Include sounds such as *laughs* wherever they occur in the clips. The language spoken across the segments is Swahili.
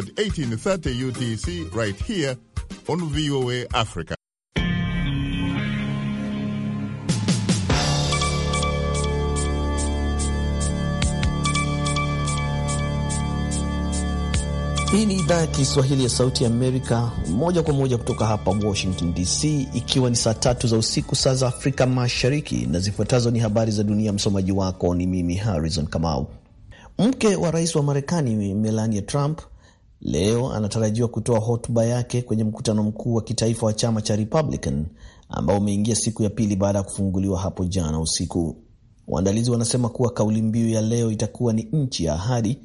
at 1830 UTC right here on VOA Africa. Hii ni idhaa ya Kiswahili ya Sauti ya Amerika moja kwa moja kutoka hapa Washington DC, ikiwa ni saa tatu za usiku saa za Afrika Mashariki, na zifuatazo ni habari za dunia. Msomaji wako ni mimi Harrison Kamau. Mke wa rais wa Marekani Melania Trump Leo anatarajiwa kutoa hotuba yake kwenye mkutano mkuu wa kitaifa wa chama cha Republican ambao umeingia siku ya pili baada ya kufunguliwa hapo jana usiku. Waandalizi wanasema kuwa kauli mbiu ya leo itakuwa ni nchi ya ahadi,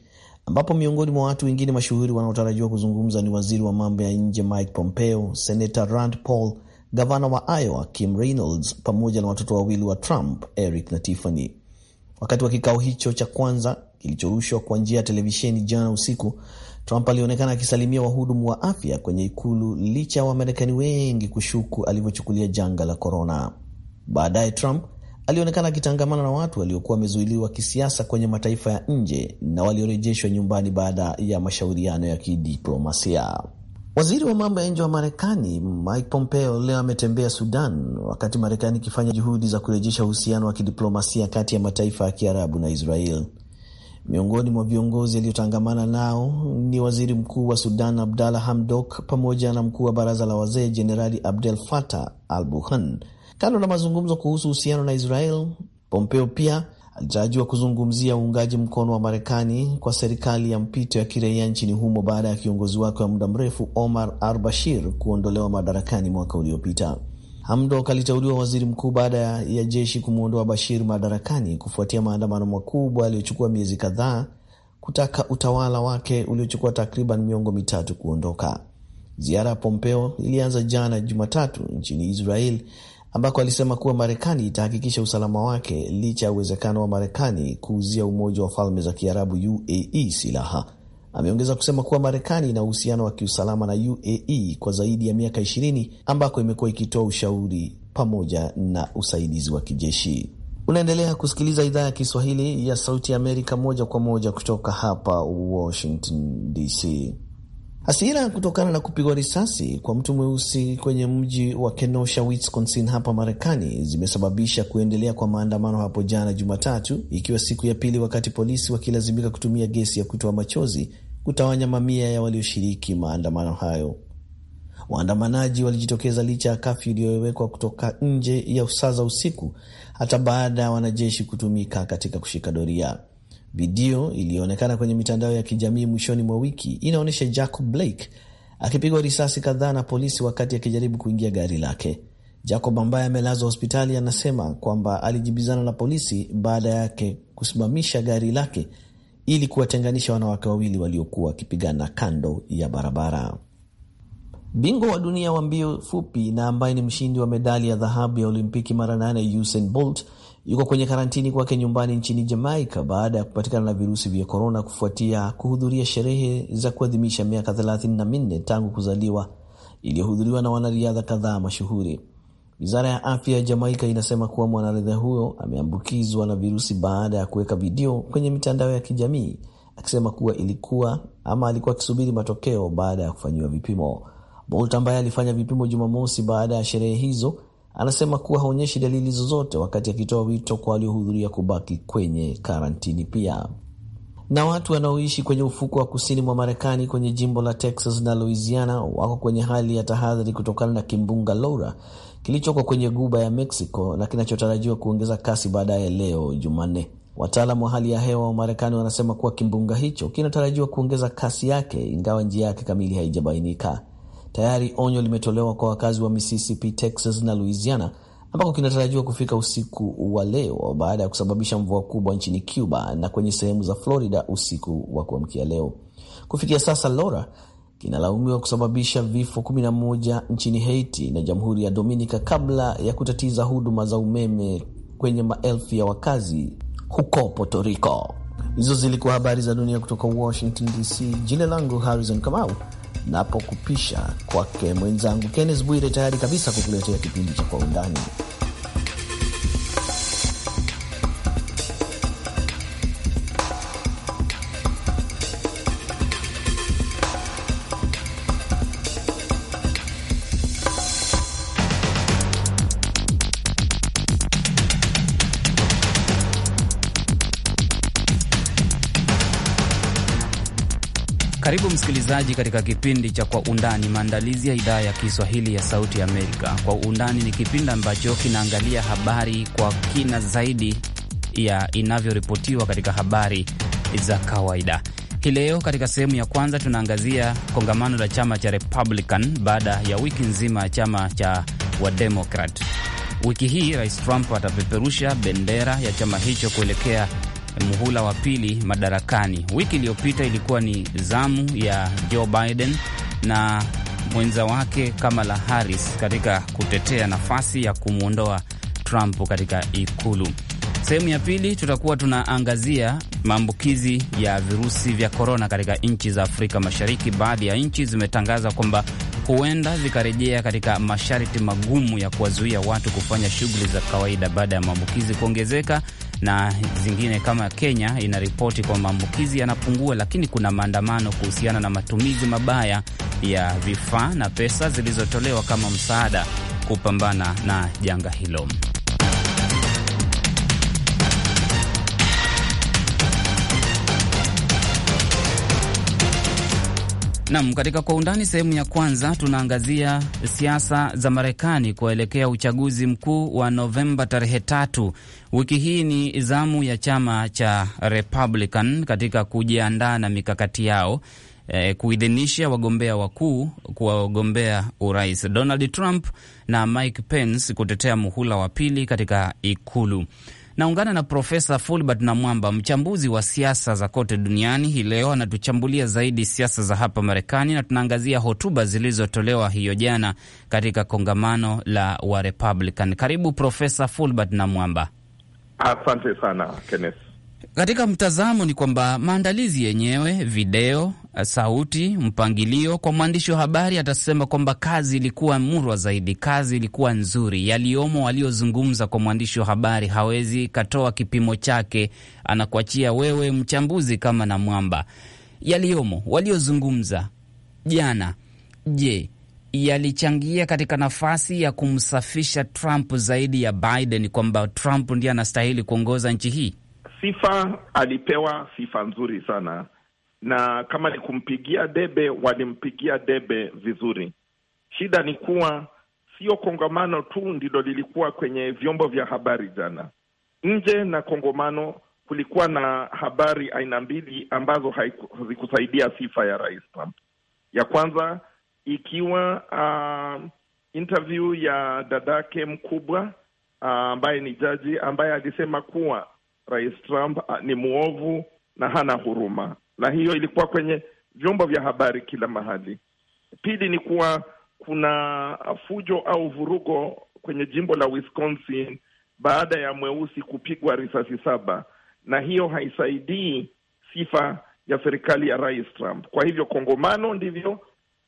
ambapo miongoni mwa watu wengine mashuhuri wanaotarajiwa kuzungumza ni waziri wa mambo ya nje Mike Pompeo, senata Rand Paul, gavana wa Iowa Kim Reynolds, pamoja na watoto wawili wa Trump, Eric na Tiffany. Wakati wa kikao hicho cha kwanza kilichorushwa kwa njia ya televisheni jana usiku, Trump alionekana akisalimia wahudumu wa afya kwenye ikulu licha ya Wamarekani wengi kushuku alivyochukulia janga la korona. Baadaye Trump alionekana akitangamana na watu waliokuwa wamezuiliwa kisiasa kwenye mataifa ya nje na waliorejeshwa nyumbani baada ya mashauriano ya kidiplomasia. Waziri wa mambo ya nje wa Marekani Mike Pompeo leo ametembea Sudan, wakati Marekani ikifanya juhudi za kurejesha uhusiano wa kidiplomasia kati ya mataifa ya Kiarabu na Israel. Miongoni mwa viongozi aliyotangamana nao ni waziri mkuu wa Sudan Abdalla Hamdok pamoja na mkuu wa baraza la wazee Jenerali Abdel Fattah al Burhan. Kando na mazungumzo kuhusu uhusiano na Israel, Pompeo pia Jaji wa kuzungumzia uungaji mkono wa Marekani kwa serikali ya mpito ya kiraia nchini humo baada ya kiongozi wake wa muda mrefu Omar al-Bashir kuondolewa madarakani mwaka uliopita. Hamdok aliteuliwa waziri mkuu baada ya jeshi kumwondoa Bashir madarakani kufuatia maandamano makubwa yaliyochukua miezi kadhaa kutaka utawala wake uliochukua takriban miongo mitatu kuondoka. Ziara ya Pompeo ilianza jana Jumatatu nchini Israel ambako alisema kuwa Marekani itahakikisha usalama wake licha ya uwezekano wa Marekani kuuzia Umoja wa Falme za Kiarabu UAE silaha. Ameongeza kusema kuwa Marekani ina uhusiano wa kiusalama na UAE kwa zaidi ya miaka 20 ambako imekuwa ikitoa ushauri pamoja na usaidizi wa kijeshi. Unaendelea kusikiliza idhaa ya Kiswahili ya Sauti ya Amerika moja kwa moja kutoka hapa Washington DC. Hasira kutokana na kupigwa risasi kwa mtu mweusi kwenye mji wa Kenosha, Wisconsin hapa Marekani zimesababisha kuendelea kwa maandamano hapo jana Jumatatu, ikiwa siku ya pili, wakati polisi wakilazimika kutumia gesi ya kutoa machozi kutawanya mamia ya walioshiriki maandamano hayo. Waandamanaji walijitokeza licha ya kafyu iliyowekwa kutoka nje ya saa za usiku, hata baada ya wanajeshi kutumika katika kushika doria. Video iliyoonekana kwenye mitandao ya kijamii mwishoni mwa wiki inaonyesha Jacob Blake akipigwa risasi kadhaa na polisi wakati akijaribu kuingia gari lake. Jacob ambaye amelazwa hospitali anasema kwamba alijibizana na polisi baada yake kusimamisha gari lake ili kuwatenganisha wanawake wawili waliokuwa wakipigana kando ya barabara. Bingwa wa dunia wa mbio fupi na ambaye ni mshindi wa medali ya dhahabu ya Olimpiki mara nane Usain Bolt yuko kwenye karantini kwake nyumbani nchini Jamaika baada ya kupatikana na virusi vya korona kufuatia kuhudhuria sherehe za kuadhimisha miaka 34 tangu kuzaliwa iliyohudhuriwa na wanariadha kadhaa mashuhuri. Wizara ya afya ya Jamaika inasema kuwa mwanariadha huyo ameambukizwa na virusi baada ya kuweka video kwenye mitandao ya kijamii akisema kuwa ilikuwa ama alikuwa akisubiri matokeo baada ya kufanyiwa vipimo. Bolt ambaye alifanya vipimo Jumamosi baada ya sherehe hizo anasema kuwa haonyeshi dalili zozote, wakati akitoa wito kwa waliohudhuria kubaki kwenye karantini pia. Na watu wanaoishi kwenye ufuko wa kusini mwa Marekani kwenye jimbo la Texas na Louisiana wako kwenye hali ya tahadhari kutokana na kimbunga Laura kilichoko kwenye guba ya Mexico na kinachotarajiwa kuongeza kasi baadaye leo Jumanne. Wataalam wa hali ya hewa wa Marekani wanasema kuwa kimbunga hicho kinatarajiwa kuongeza kasi yake, ingawa njia yake kamili haijabainika. Tayari onyo limetolewa kwa wakazi wa Mississippi, Texas na Louisiana ambako kinatarajiwa kufika usiku wa leo baada ya kusababisha mvua kubwa nchini Cuba na kwenye sehemu za Florida usiku wa kuamkia leo. Kufikia sasa, Laura kinalaumiwa kusababisha vifo 11 nchini Haiti na Jamhuri ya Dominica kabla ya kutatiza huduma za umeme kwenye maelfu ya wakazi huko Puerto Rico. Hizo zilikuwa habari za dunia kutoka Washington DC. Jina langu Harrison Kamau, napokupisha kwake mwenzangu Kennes Bwire, tayari kabisa kukuletea kipindi cha Kwa Undani. Karibu msikilizaji katika kipindi cha Kwa Undani, maandalizi ya idhaa ya Kiswahili ya Sauti Amerika. Kwa Undani ni kipindi ambacho kinaangalia habari kwa kina zaidi ya inavyoripotiwa katika habari za kawaida. Hii leo katika sehemu ya kwanza tunaangazia kongamano la chama cha Republican baada ya wiki nzima ya chama cha Wademokrat. Wiki hii Rais Trump atapeperusha bendera ya chama hicho kuelekea muhula wa pili madarakani. Wiki iliyopita ilikuwa ni zamu ya Joe Biden na mwenza wake Kamala Harris katika kutetea nafasi ya kumwondoa Trump katika ikulu. Sehemu ya pili tutakuwa tunaangazia maambukizi ya virusi vya korona katika nchi za Afrika Mashariki. Baadhi ya nchi zimetangaza kwamba huenda zikarejea katika masharti magumu ya kuwazuia watu kufanya shughuli za kawaida baada ya maambukizi kuongezeka na zingine kama Kenya inaripoti kwa maambukizi yanapungua, lakini kuna maandamano kuhusiana na matumizi mabaya ya vifaa na pesa zilizotolewa kama msaada kupambana na janga hilo. Nam, katika kwa undani sehemu ya kwanza tunaangazia siasa za Marekani kuelekea uchaguzi mkuu wa Novemba tarehe tatu. Wiki hii ni zamu ya chama cha Republican katika kujiandaa na mikakati yao eh, kuidhinisha wagombea wakuu kuwagombea urais, Donald Trump na Mike Pence kutetea muhula wa pili katika Ikulu. Naungana na Profesa Fulbert na Mwamba, mchambuzi wa siasa za kote duniani. Hii leo anatuchambulia zaidi siasa za hapa Marekani, na tunaangazia hotuba zilizotolewa hiyo jana katika kongamano la wa Republican. Karibu Profesa Fulbert na Mwamba. Asante sana Kenneth. Katika mtazamo ni kwamba maandalizi yenyewe, video, Eh, sauti mpangilio. Kwa mwandishi wa habari atasema kwamba kazi ilikuwa murwa zaidi, kazi ilikuwa nzuri. Yaliyomo waliozungumza kwa mwandishi wa habari hawezi katoa kipimo chake, anakuachia wewe mchambuzi kama na mwamba. Yaliyomo waliozungumza jana, je, yalichangia katika nafasi ya kumsafisha Trump zaidi ya Biden, kwamba Trump ndiye anastahili kuongoza nchi hii? Sifa alipewa sifa nzuri sana na kama ni kumpigia debe, walimpigia debe vizuri. Shida ni kuwa sio kongamano tu ndilo lilikuwa kwenye vyombo vya habari jana. Nje na kongamano kulikuwa na habari aina mbili ambazo hazikusaidia sifa ya Rais Trump. Ya kwanza ikiwa uh, interview ya dadake mkubwa uh, ambaye uh, ni jaji ambaye alisema kuwa Rais Trump uh, ni mwovu na hana huruma na hiyo ilikuwa kwenye vyombo vya habari kila mahali. Pili ni kuwa kuna fujo au vurugo kwenye jimbo la Wisconsin baada ya mweusi kupigwa risasi saba, na hiyo haisaidii sifa ya serikali ya Rais Trump. Kwa hivyo Kongomano ndivyo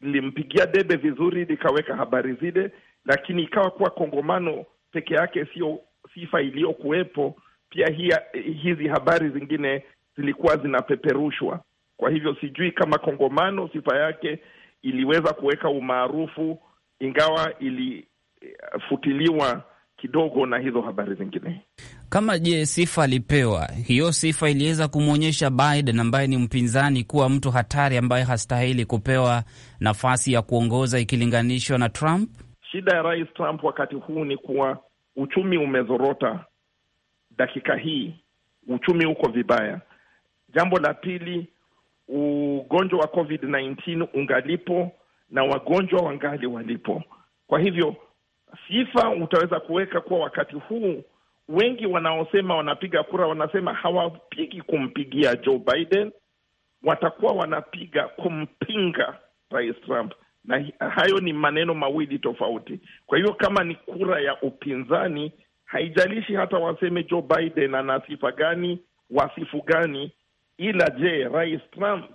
lilimpigia debe vizuri, likaweka habari zile, lakini ikawa kuwa Kongomano peke yake sio sifa iliyokuwepo. Pia hia, hizi habari zingine zilikuwa zinapeperushwa. Kwa hivyo sijui kama Kongomano sifa yake iliweza kuweka umaarufu, ingawa ilifutiliwa eh, kidogo na hizo habari zingine. Kama je, sifa alipewa hiyo sifa, iliweza kumwonyesha Biden ambaye ni mpinzani kuwa mtu hatari ambaye hastahili kupewa nafasi ya kuongoza ikilinganishwa na Trump. Shida ya Rais Trump wakati huu ni kuwa uchumi umezorota. Dakika hii uchumi uko vibaya, Jambo la pili, ugonjwa wa COVID-19 ungalipo na wagonjwa wangali walipo. Kwa hivyo sifa utaweza kuweka kuwa wakati huu wengi wanaosema wanapiga kura wanasema hawapigi kumpigia Joe Biden, watakuwa wanapiga kumpinga Rais Trump, na hayo ni maneno mawili tofauti. Kwa hiyo kama ni kura ya upinzani, haijalishi hata waseme Joe Biden ana sifa gani, wasifu gani, Ila je, Rais Trump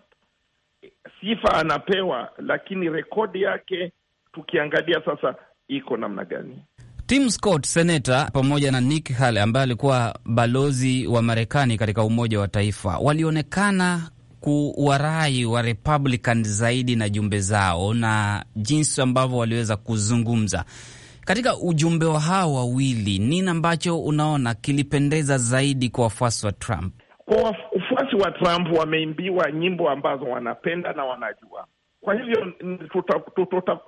sifa anapewa, lakini rekodi yake tukiangalia sasa iko namna gani? Tim Scott, seneta, pamoja na nick hale ambaye alikuwa balozi wa Marekani katika Umoja wa Taifa, walionekana kuwarai wa Republican zaidi na jumbe zao na jinsi ambavyo waliweza kuzungumza katika ujumbe wa hawa wawili. Nini ambacho unaona kilipendeza zaidi kwa wafuasi wa Trump? Kwa wafuasi wa Trump wameimbiwa nyimbo ambazo wanapenda na wanajua. Kwa hivyo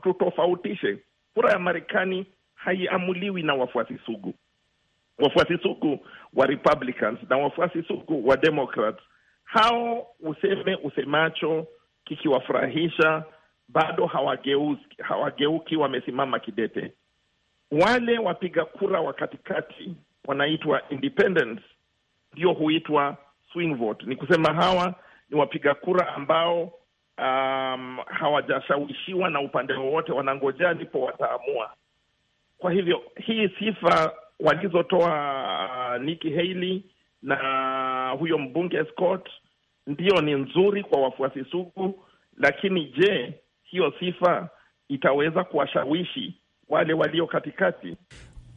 tutofautishe, kura ya Marekani haiamuliwi na wafuasi sugu. Wafuasi sugu wa Republicans na wafuasi sugu wa Democrats, hao useme usemacho kikiwafurahisha, bado hawageuki, hawageuki, wamesimama kidete. Wale wapiga kura wa katikati wanaitwa independents, ndio huitwa swing vote, ni kusema hawa ni wapiga kura ambao um, hawajashawishiwa na upande wowote, wanangojea ndipo wataamua. Kwa hivyo hii sifa walizotoa uh, Nikki Haley na huyo mbunge Scott ndiyo ni nzuri kwa wafuasi sugu, lakini je, hiyo sifa itaweza kuwashawishi wale walio katikati?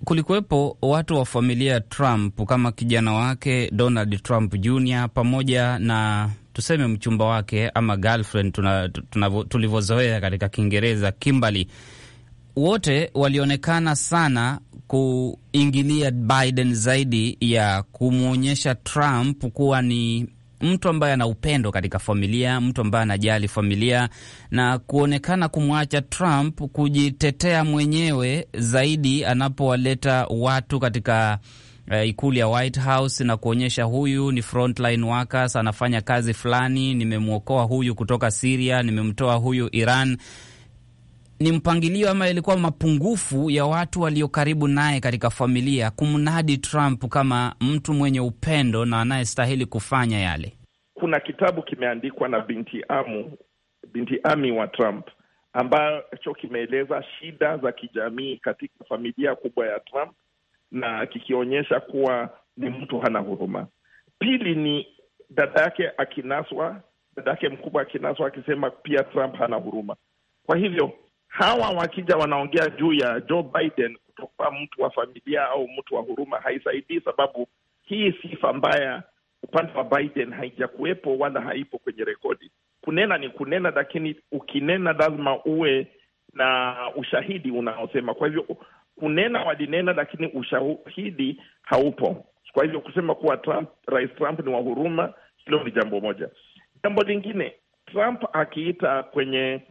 kulikuwepo watu wa familia ya Trump kama kijana wake Donald Trump Jr pamoja na tuseme mchumba wake ama girlfriend tulivyozoea katika Kiingereza, Kimberly, wote walionekana sana kuingilia Biden zaidi ya kumwonyesha Trump kuwa ni mtu ambaye ana upendo katika familia, mtu ambaye anajali familia, na kuonekana kumwacha Trump kujitetea mwenyewe zaidi anapowaleta watu katika Uh, ikulu ya White House na kuonyesha huyu ni frontline workers, anafanya kazi fulani, nimemwokoa huyu kutoka siria nimemtoa huyu Iran ni mpangilio ama ilikuwa mapungufu ya watu walio karibu naye katika familia kumnadi Trump kama mtu mwenye upendo na anayestahili kufanya yale. Kuna kitabu kimeandikwa na binti Amu, binti Ami wa Trump ambacho kimeeleza shida za kijamii katika familia kubwa ya Trump na kikionyesha kuwa ni mtu hana huruma. Pili ni dada yake akinaswa, dada yake mkubwa akinaswa akisema pia Trump hana huruma. Kwa hivyo hawa wakija wanaongea juu ya Joe Biden kutokuwa mtu wa familia au mtu wa huruma, haisaidii, sababu hii sifa mbaya upande wa Biden haijakuwepo wala haipo kwenye rekodi. Kunena ni kunena, lakini ukinena lazima uwe na ushahidi unaosema. Kwa hivyo kunena walinena, lakini ushahidi haupo. Kwa hivyo kusema kuwa Trump, Rais Trump ni wa huruma, hilo ni jambo moja. Jambo lingine, Trump akiita kwenye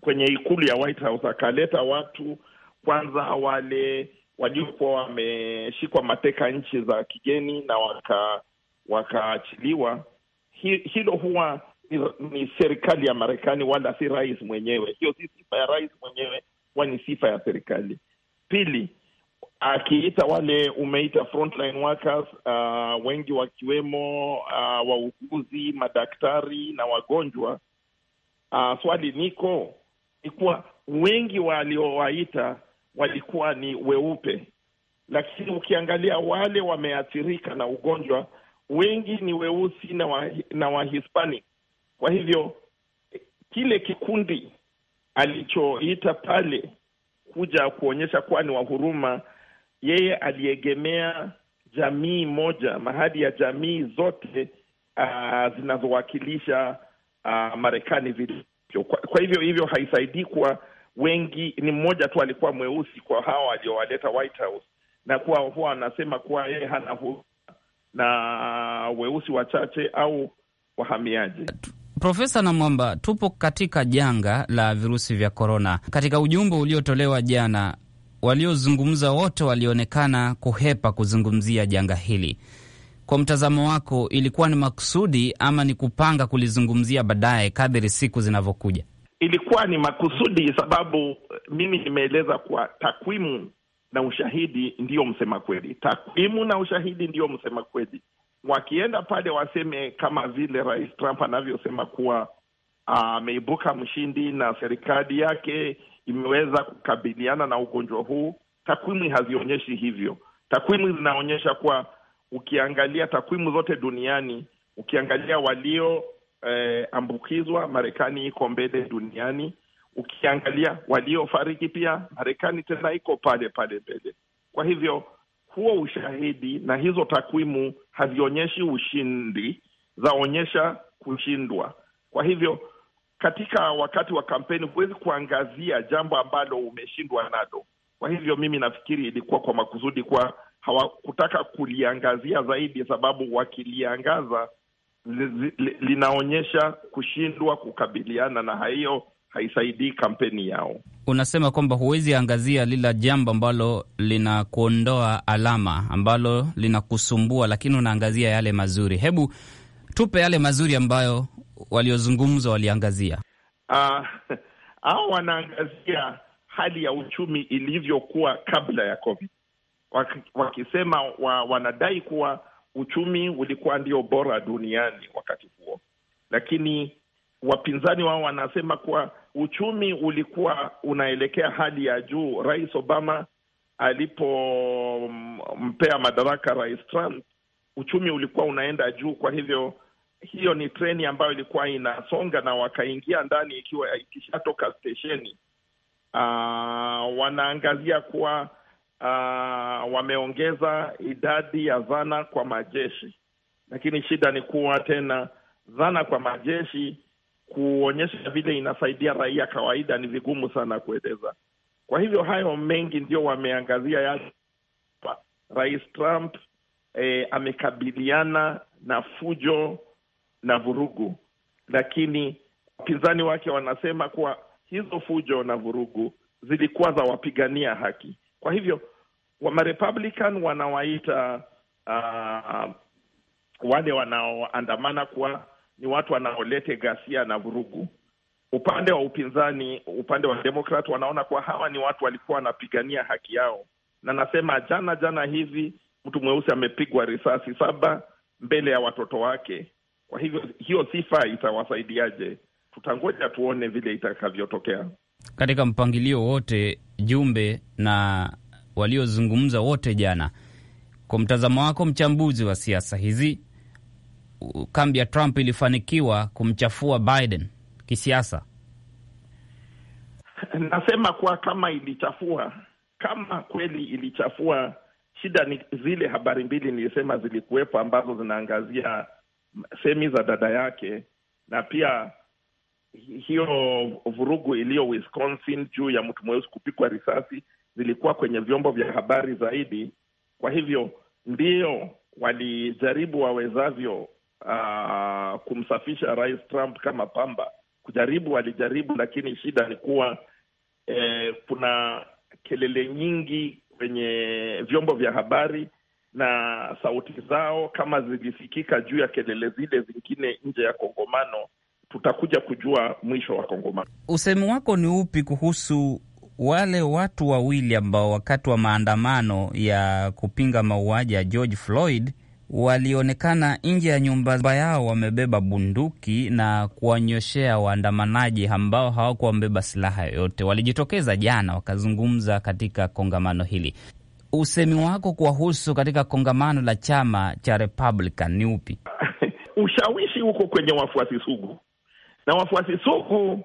kwenye ikulu ya White House akaleta watu kwanza wale waliokuwa wameshikwa mateka nchi za kigeni na wakaachiliwa, waka hilo huwa ni, ni serikali ya Marekani wala si rais mwenyewe. Hiyo si sifa ya rais mwenyewe, huwa ni sifa ya serikali. Pili, akiita wale umeita frontline workers, uh, wengi wakiwemo uh, wauguzi, madaktari na wagonjwa uh, swali niko kuwa wengi waliowaita walikuwa ni weupe, lakini ukiangalia wale wameathirika na ugonjwa wengi ni weusi na wa, na Kwa hivyo kile kikundi alichoita pale kuja kuonyesha kuwa ni wahuruma, yeye aliegemea jamii moja mahali ya jamii zote uh, zinazowakilisha uh, Marekani vile kwa, kwa hivyo hivyo haisaidii kuwa wengi, ni mmoja tu alikuwa mweusi kwa hawa waliowaleta White House, na kuwa huwa anasema kuwa yeye hana huruma na weusi wachache au wahamiaji. Profesa Namwamba, tupo katika janga la virusi vya korona. Katika ujumbe uliotolewa jana, waliozungumza wote walionekana kuhepa kuzungumzia janga hili. Kwa mtazamo wako, ilikuwa ni makusudi ama ni kupanga kulizungumzia baadaye kadhiri siku zinavyokuja? Ilikuwa ni makusudi, sababu mimi nimeeleza kuwa takwimu na ushahidi ndiyo msema kweli. Takwimu na ushahidi ndiyo msema kweli. Wakienda pale waseme kama vile Rais Trump anavyosema kuwa ah, ameibuka mshindi na serikali yake imeweza kukabiliana na ugonjwa huu. Takwimu hazionyeshi hivyo. Takwimu zinaonyesha kuwa ukiangalia takwimu zote duniani, ukiangalia walioambukizwa, eh, Marekani iko mbele duniani. Ukiangalia waliofariki pia, Marekani tena iko pale pale mbele. Kwa hivyo huo ushahidi na hizo takwimu hazionyeshi ushindi, zaonyesha kushindwa. Kwa hivyo katika wakati wa kampeni huwezi kuangazia jambo ambalo umeshindwa nalo. Kwa hivyo mimi nafikiri ilikuwa kwa makusudi kwa hawakutaka kuliangazia zaidi, sababu wakiliangaza li, li, linaonyesha kushindwa kukabiliana na hiyo, haisaidii kampeni yao. Unasema kwamba huwezi angazia lila jambo ambalo linakuondoa alama, ambalo linakusumbua, lakini unaangazia yale mazuri. Hebu tupe yale mazuri ambayo waliozungumzwa waliangazia. Uh, ah, au *laughs* wanaangazia hali ya uchumi ilivyokuwa kabla ya COVID wakisema wa, wanadai kuwa uchumi ulikuwa ndio bora duniani wakati huo, lakini wapinzani wao wanasema kuwa uchumi ulikuwa unaelekea hali ya juu. Rais Obama alipompea madaraka Rais Trump, uchumi ulikuwa unaenda juu. Kwa hivyo hiyo ni treni ambayo ilikuwa inasonga na wakaingia ndani ikiwa ikishatoka stesheni. Uh, wanaangazia kuwa uh, wameongeza idadi ya zana kwa majeshi, lakini shida ni kuwa tena zana kwa majeshi kuonyesha vile inasaidia raia kawaida ni vigumu sana kueleza. Kwa hivyo hayo mengi ndio wameangazia yale Rais Trump eh, amekabiliana na fujo na vurugu, lakini wapinzani wake wanasema kuwa hizo fujo na vurugu zilikuwa za wapigania haki. Kwa hivyo Marepublican wanawaita uh, wale wanaoandamana kuwa ni watu wanaolete ghasia na vurugu. Upande wa upinzani, upande wa Demokrat wanaona kuwa hawa ni watu walikuwa wanapigania haki yao, na nasema jana jana hivi mtu mweusi amepigwa risasi saba mbele ya watoto wake. Kwa hivyo hiyo sifa itawasaidiaje? Tutangoja tuone vile itakavyotokea. Katika mpangilio wote, Jumbe na waliozungumza wote jana. Kwa mtazamo wako, mchambuzi wa siasa hizi, kambi ya Trump ilifanikiwa kumchafua Biden kisiasa? Nasema kuwa kama ilichafua, kama kweli ilichafua, shida ni zile habari mbili nilisema zilikuwepo ambazo zinaangazia semi za dada yake na pia hiyo vurugu iliyo Wisconsin juu ya mtu mweusi kupigwa risasi zilikuwa kwenye vyombo vya habari zaidi. Kwa hivyo ndio walijaribu wawezavyo uh, kumsafisha Rais Trump kama pamba. Kujaribu walijaribu, lakini shida ni kuwa eh, kuna kelele nyingi kwenye vyombo vya habari na sauti zao kama zilisikika juu ya kelele zile zingine nje ya kongomano, tutakuja kujua mwisho wa kongomano. Usemi wako ni upi kuhusu wale watu wawili ambao wakati wa maandamano ya kupinga mauaji ya George Floyd walionekana nje ya nyumba yao wamebeba bunduki na kuwanyoshea waandamanaji ambao hawakuwa wamebeba silaha yoyote. Walijitokeza jana wakazungumza katika kongamano hili. Usemi wako kuwahusu katika kongamano la chama cha Republican ni upi? *laughs* Ushawishi huko kwenye wafuasi sugu, na wafuasi sugu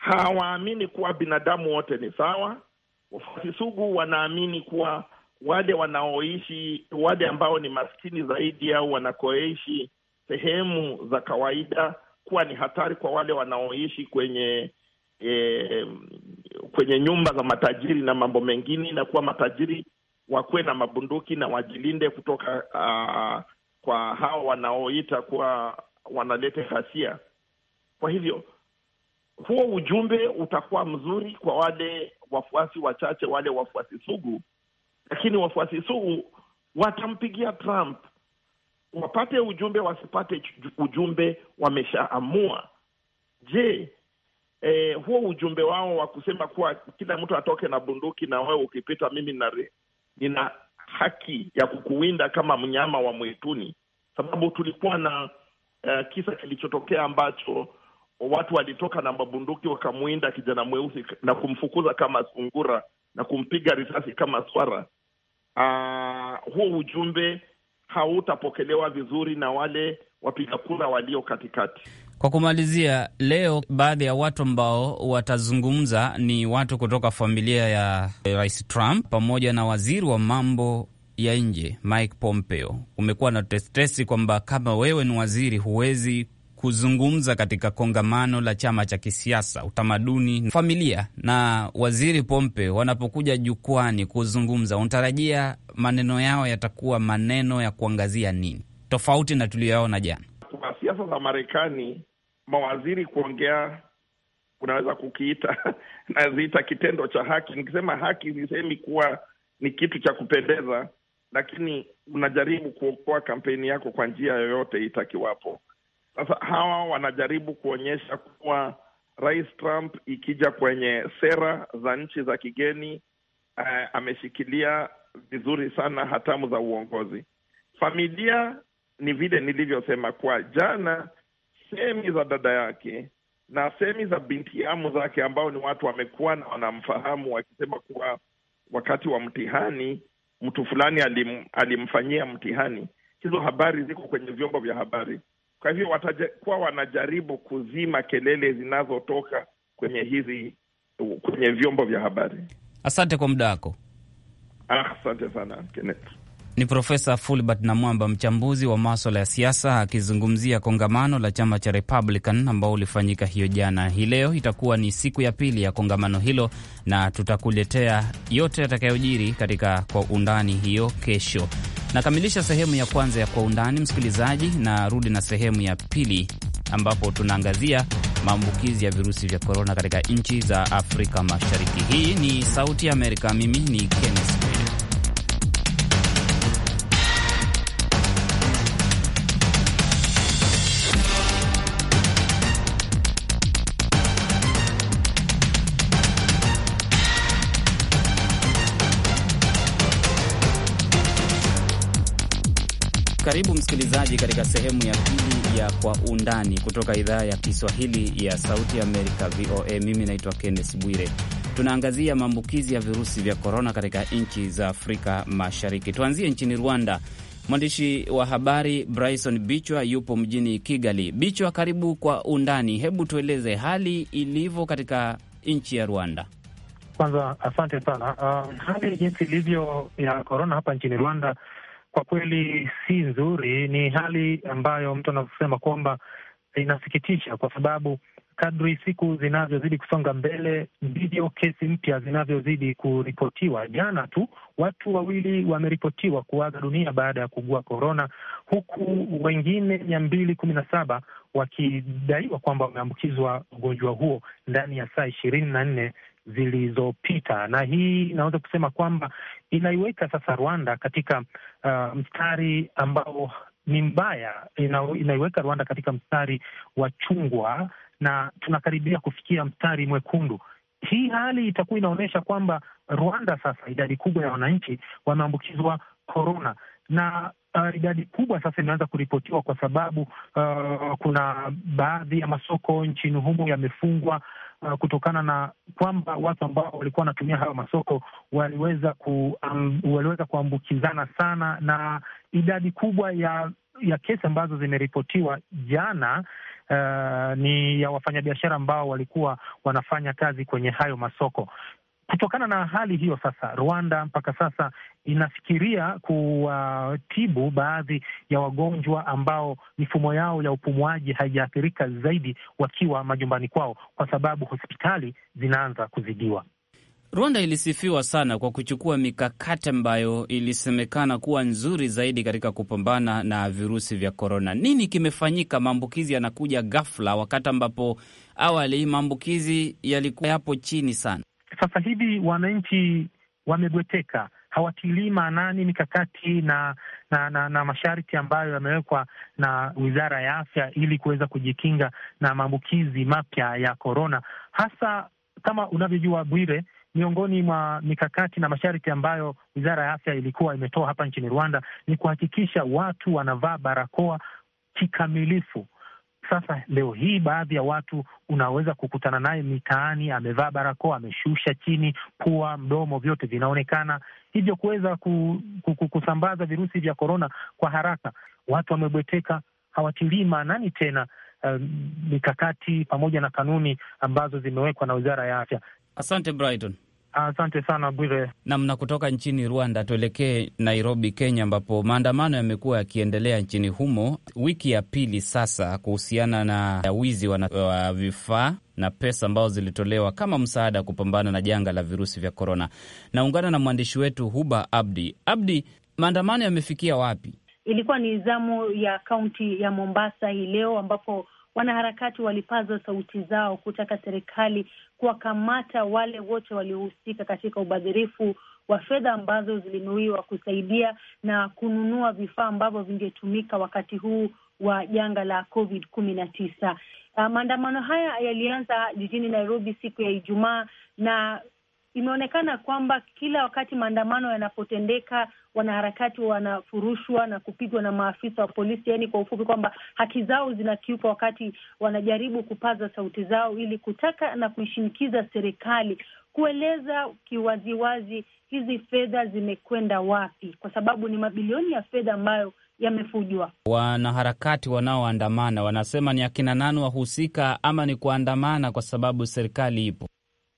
hawaamini kuwa binadamu wote ni sawa. Wafuasi sugu wanaamini kuwa wale wanaoishi, wale ambao ni maskini zaidi au wanakoishi sehemu za kawaida, kuwa ni hatari kwa wale wanaoishi kwenye e, kwenye nyumba za matajiri na mambo mengine, na kuwa matajiri wakuwe na mabunduki na wajilinde kutoka uh, kwa hao wanaoita kuwa wanalete ghasia. Kwa hivyo huo ujumbe utakuwa mzuri kwa wale wafuasi wachache, wale wafuasi sugu, lakini wafuasi sugu watampigia Trump, wapate ujumbe wasipate ujumbe, wameshaamua. Je, eh, huo ujumbe wao wa kusema kuwa kila mtu atoke na bunduki na wewe ukipita mimi nare, nina haki ya kukuwinda kama mnyama wa mwituni, sababu tulikuwa na uh, kisa kilichotokea ambacho watu walitoka na mabunduki wakamwinda kijana mweusi na kumfukuza kama sungura na kumpiga risasi kama swara. Uh, huo ujumbe hautapokelewa vizuri na wale wapiga kura walio katikati. Kwa kumalizia, leo baadhi ya watu ambao watazungumza ni watu kutoka familia ya Rais Trump pamoja na waziri wa mambo ya nje Mike Pompeo. umekuwa na tetesi kwamba kama wewe ni waziri huwezi kuzungumza katika kongamano la chama cha kisiasa, utamaduni, familia na waziri Pompe wanapokuja jukwani kuzungumza, unatarajia maneno yao yatakuwa maneno ya kuangazia nini tofauti na tuliyoona jana? Kwa siasa za Marekani, mawaziri kuongea unaweza kukiita *laughs* naziita kitendo cha haki. Nikisema haki, sisemi kuwa ni kitu cha kupendeza, lakini unajaribu kuokoa kampeni yako kwa njia yoyote itakiwapo. Sasa hawa wanajaribu kuonyesha kuwa Rais Trump ikija kwenye sera za nchi za kigeni eh, ameshikilia vizuri sana hatamu za uongozi. Familia ni vile nilivyosema, kwa jana sehemi za dada yake na sehemi za binti amu zake ambao ni watu wamekuwa na wanamfahamu wakisema kuwa wakati wa mtihani mtu fulani alim, alimfanyia mtihani. Hizo habari ziko kwenye vyombo vya habari. Kwa hivyo watakuwa wanajaribu kuzima kelele zinazotoka kwenye hizi kwenye vyombo vya habari. Asante kwa muda wako. Ah, asante sana Kenneth. Ni Profesa Fulbert Namwamba, mchambuzi wa maswala ya siasa, akizungumzia kongamano la chama cha Republican ambao ulifanyika hiyo jana. Hii leo itakuwa ni siku ya pili ya kongamano hilo, na tutakuletea yote yatakayojiri katika kwa undani hiyo kesho. Nakamilisha sehemu ya kwanza ya Kwa Undani, msikilizaji, na rudi na sehemu ya pili ambapo tunaangazia maambukizi ya virusi vya korona katika nchi za Afrika Mashariki. Hii ni Sauti ya Amerika, mimi ni Kenneth Karibu msikilizaji, katika sehemu ya pili ya Kwa Undani kutoka idhaa ya Kiswahili ya Sauti Amerika, VOA. Mimi naitwa Kenneth Bwire. Tunaangazia maambukizi ya virusi vya korona katika nchi za Afrika Mashariki. Tuanzie nchini Rwanda. Mwandishi wa habari Bryson Bichwa yupo mjini Kigali. Bichwa, karibu Kwa Undani. Hebu tueleze hali ilivyo katika nchi ya Rwanda. Kwanza asante sana. Uh, hali jinsi ilivyo ya korona hapa nchini Rwanda kwa kweli si nzuri. Ni hali ambayo mtu anavyosema kwamba inasikitisha, kwa sababu kadri siku zinavyozidi kusonga mbele ndivyo kesi mpya zinavyozidi kuripotiwa. Jana tu watu wawili wameripotiwa kuaga dunia baada ya kuugua korona, huku wengine mia mbili kumi na saba wakidaiwa kwamba wameambukizwa ugonjwa huo ndani ya saa ishirini na nne zilizopita, na hii inaweza kusema kwamba inaiweka sasa Rwanda katika uh, mstari ambao ni mbaya, inaiweka Rwanda katika mstari wa chungwa na tunakaribia kufikia mstari mwekundu. Hii hali itakuwa inaonyesha kwamba Rwanda sasa idadi kubwa ya wananchi wameambukizwa korona, na uh, idadi kubwa sasa imeanza kuripotiwa kwa sababu uh, kuna baadhi ya masoko nchini humo yamefungwa uh, kutokana na kwamba watu ambao walikuwa wanatumia hayo masoko waliweza, ku, um, waliweza kuambukizana sana, na idadi kubwa ya ya kesi ambazo zimeripotiwa jana uh, ni ya wafanyabiashara ambao walikuwa wanafanya kazi kwenye hayo masoko. Kutokana na hali hiyo sasa, Rwanda mpaka sasa inafikiria kuwatibu baadhi ya wagonjwa ambao mifumo yao ya upumuaji haijaathirika zaidi wakiwa majumbani kwao, kwa sababu hospitali zinaanza kuzidiwa. Rwanda ilisifiwa sana kwa kuchukua mikakati ambayo ilisemekana kuwa nzuri zaidi katika kupambana na virusi vya korona. Nini kimefanyika? Maambukizi yanakuja ghafla, wakati ambapo awali maambukizi yalikuwa yapo chini sana sasa hivi wananchi wamegweteka, hawatilii maanani mikakati na na, na na masharti ambayo yamewekwa na Wizara ya Afya ili kuweza kujikinga na maambukizi mapya ya korona, hasa kama unavyojua Bwire, miongoni mwa mikakati na masharti ambayo Wizara ya Afya ilikuwa imetoa hapa nchini Rwanda ni kuhakikisha watu wanavaa barakoa kikamilifu sasa leo hii baadhi ya watu unaweza kukutana naye mitaani, amevaa barakoa, ameshusha chini, pua, mdomo, vyote vinaonekana, hivyo kuweza kusambaza virusi vya korona kwa haraka. Watu wamebweteka, hawatilii maanani tena eh, mikakati um, pamoja na kanuni ambazo zimewekwa na wizara ya afya. Asante Brighton. Asante sana Bwire. Nam na kutoka nchini Rwanda tuelekee Nairobi, Kenya, ambapo maandamano yamekuwa yakiendelea nchini humo wiki ya pili sasa, kuhusiana na wizi wa vifaa na pesa ambazo zilitolewa kama msaada kupambana na janga la virusi vya korona. Naungana na mwandishi wetu Huba Abdi. Abdi, maandamano yamefikia wapi? Ilikuwa ni zamu ya kaunti ya Mombasa hii leo ambapo Wanaharakati walipaza sauti zao kutaka serikali kuwakamata wale wote waliohusika katika ubadhirifu wa fedha ambazo zilinuiwa kusaidia na kununua vifaa ambavyo vingetumika wakati huu wa janga la COVID kumi na tisa. Uh, maandamano haya yalianza jijini Nairobi siku ya Ijumaa na imeonekana kwamba kila wakati maandamano yanapotendeka, wanaharakati wanafurushwa na kupigwa na maafisa wa polisi, yaani kwa ufupi kwamba haki zao zinakiuka wakati wanajaribu kupaza sauti zao ili kutaka na kuishinikiza serikali kueleza kiwaziwazi hizi fedha zimekwenda wapi, kwa sababu ni mabilioni ya fedha ambayo yamefujwa. Wanaharakati wanaoandamana wanasema ni akina nani wahusika, ama ni kuandamana kwa sababu serikali ipo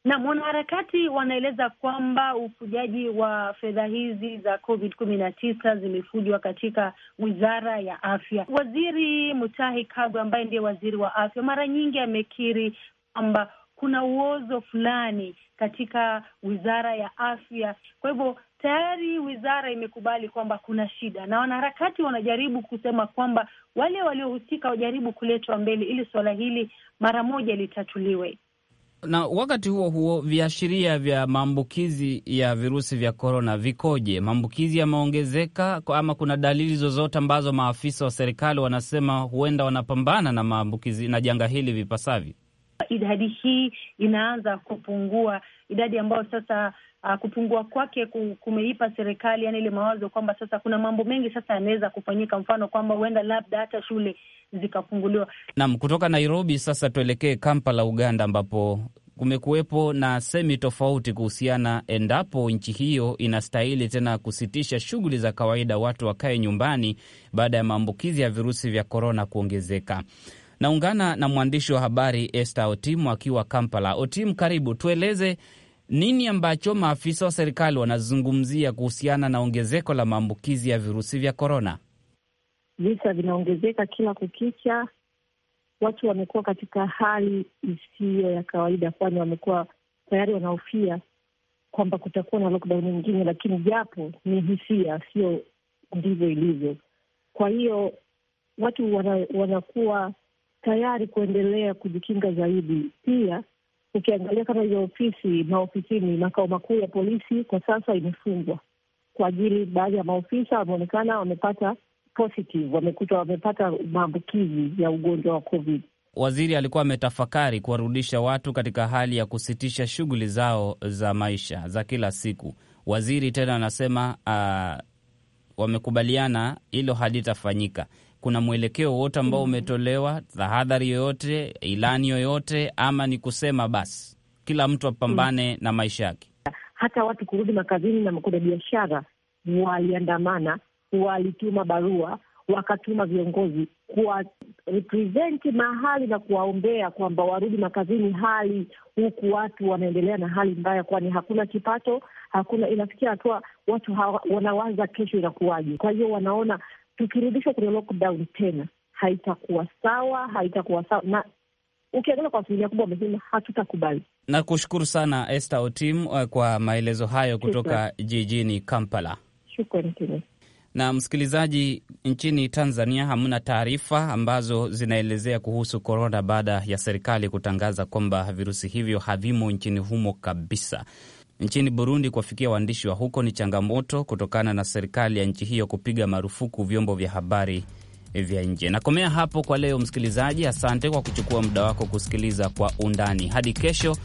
na wanaharakati wanaeleza kwamba ufujaji wa fedha hizi za Covid kumi na tisa zimefujwa katika wizara ya afya. Waziri Mutahi Kagwe ambaye ndiye waziri wa afya mara nyingi amekiri kwamba kuna uozo fulani katika wizara ya afya. Kwa hivyo tayari wizara imekubali kwamba kuna shida, na wanaharakati wanajaribu kusema kwamba wale waliohusika wajaribu kuletwa mbele ili suala hili mara moja litatuliwe na wakati huo huo viashiria vya maambukizi ya virusi vya korona vikoje? Maambukizi yameongezeka ama kuna dalili zozote ambazo maafisa wa serikali wanasema huenda wanapambana na maambukizi na janga hili vipasavyo? Idadi hii inaanza kupungua, idadi ambayo sasa uh, kupungua kwake kumeipa serikali yani ile mawazo kwamba sasa kuna mambo mengi sasa yanaweza kufanyika, mfano kwamba huenda labda hata shule zikafunguliwa. Naam, kutoka Nairobi sasa tuelekee Kampala, Uganda, ambapo kumekuwepo na semi tofauti kuhusiana endapo nchi hiyo inastahili tena kusitisha shughuli za kawaida, watu wakae nyumbani baada ya maambukizi ya virusi vya korona kuongezeka. Naungana na mwandishi wa habari Esther Otim akiwa Kampala. Otim, karibu, tueleze nini ambacho maafisa wa serikali wanazungumzia kuhusiana na ongezeko la maambukizi ya virusi vya korona? Visa vinaongezeka kila kukicha, watu wamekuwa katika hali isiyo ya kawaida, kwani wamekuwa tayari wanahofia kwamba kutakuwa na lockdown nyingine, lakini japo ni hisia, sio ndivyo ilivyo. Kwa hiyo watu wana, wanakuwa tayari kuendelea kujikinga zaidi. Pia Ukiangalia kama hizo ofisi maofisini, makao makuu ya polisi kwa sasa imefungwa kwa ajili, baadhi ya maofisa wameonekana wamepata positive, wamekuta wamepata maambukizi ya ugonjwa wa COVID. Waziri alikuwa ametafakari kuwarudisha watu katika hali ya kusitisha shughuli zao za maisha za kila siku. Waziri tena anasema uh, wamekubaliana hilo halitafanyika kuna mwelekeo wote ambao mm-hmm. umetolewa, tahadhari yoyote, ilani yoyote, ama ni kusema basi kila mtu apambane mm. na maisha yake? Hata watu kurudi makazini na kuna biashara waliandamana, walituma barua, wakatuma viongozi kuwa represent mahali na kuwaombea kwamba warudi makazini, hali huku watu wanaendelea na hali mbaya, kwani hakuna kipato, hakuna. Inafikia hatua watu hawa, wanawaza kesho inakuwaje. Kwa hiyo wanaona tukirudishwa kwenye lockdown tena haitakuwa sawa, haitakuwa sawa na ukiangalia kwa asilimia kubwa wamesema hatutakubali. Na kushukuru sana Esther Otim eh, kwa maelezo hayo kutoka Shukra. jijini Kampala. Shukran tena. Na msikilizaji, nchini Tanzania hamna taarifa ambazo zinaelezea kuhusu korona baada ya serikali kutangaza kwamba virusi hivyo havimo nchini humo kabisa. Nchini Burundi, kuwafikia waandishi wa huko ni changamoto kutokana na serikali ya nchi hiyo kupiga marufuku vyombo vya habari vya nje. Nakomea hapo kwa leo, msikilizaji. Asante kwa kuchukua muda wako kusikiliza Kwa Undani. Hadi kesho,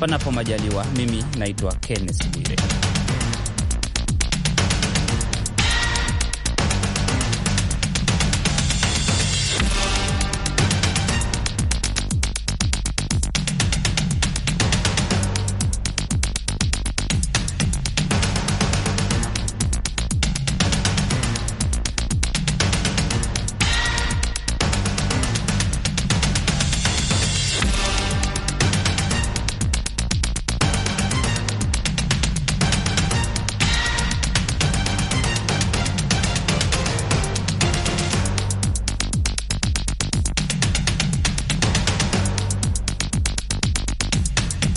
panapo majaliwa. Mimi naitwa Kenneth Bwire.